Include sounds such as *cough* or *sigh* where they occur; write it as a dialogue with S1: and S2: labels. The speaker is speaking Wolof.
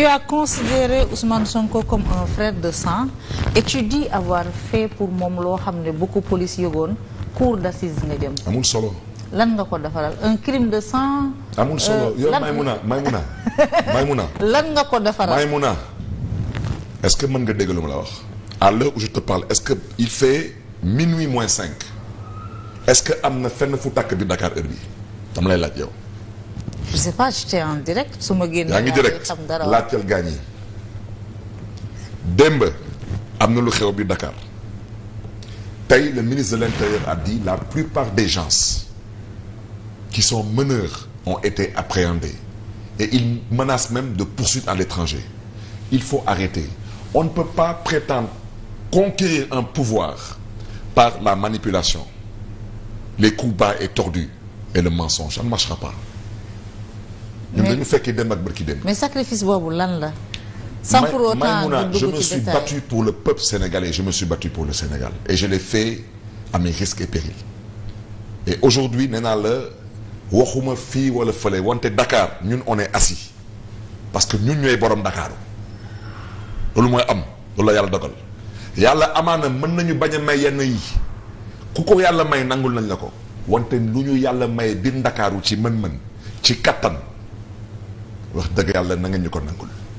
S1: Tu as considéré Ousmane Sonko comme un frère de sang et tu dis avoir fait pour moom loo xam ne bu ko police yëgoon cour d'assises nga jëm. amul solo. lan nga ko defaral un crime de sang. amul solo euh, yow Maymuna Maymuna
S2: *laughs* muna
S1: lan nga ko defaral Maymuna
S2: est-ce que mën nga dégg lu ma la wax. à l'heure où je te parle est-ce que il fait minuit moins cinq est-ce que am na fenn fu takk bi Dakar heure bi dama lay laaj yow.
S1: je sais pas j'étais en direct su ma génnee. yaa ngi direct laajteel
S2: gaañ am na lu xew bi Dakar tey le ministre de l'intérieur a dit la plupart des gens qui sont meneurs ont été appréhendés et ils menacent même de poursuites à l'étranger il faut arrêter on ne peut pas prétendre conquérir un pouvoir par la manipulation les coups bas et tordus et le mensonge ça ne marchera pas dañu fekki dem ak bërki dem.
S1: mais sacrifice boobu lan la.
S2: sans pour autant Maïmouna je me pour le peuple sénégalais je me suis battu pour le Sénégal et je l'ai fait à mes risques et périls aujourd'hui nee naa la waxuma fii wala fële wante Dakar ñun one est parce que ñun ñooy borom Dakar loolu mooy am loolu la yàlla dogal yàlla amaana mën nañu bañ a may yenn yi ku ko yàlla may nangul nañ la ko wante lu ñu yàlla may biir Ndakaaru ci mën-mën ci kattan wax dëgg yàlla na nga ñu ko nangul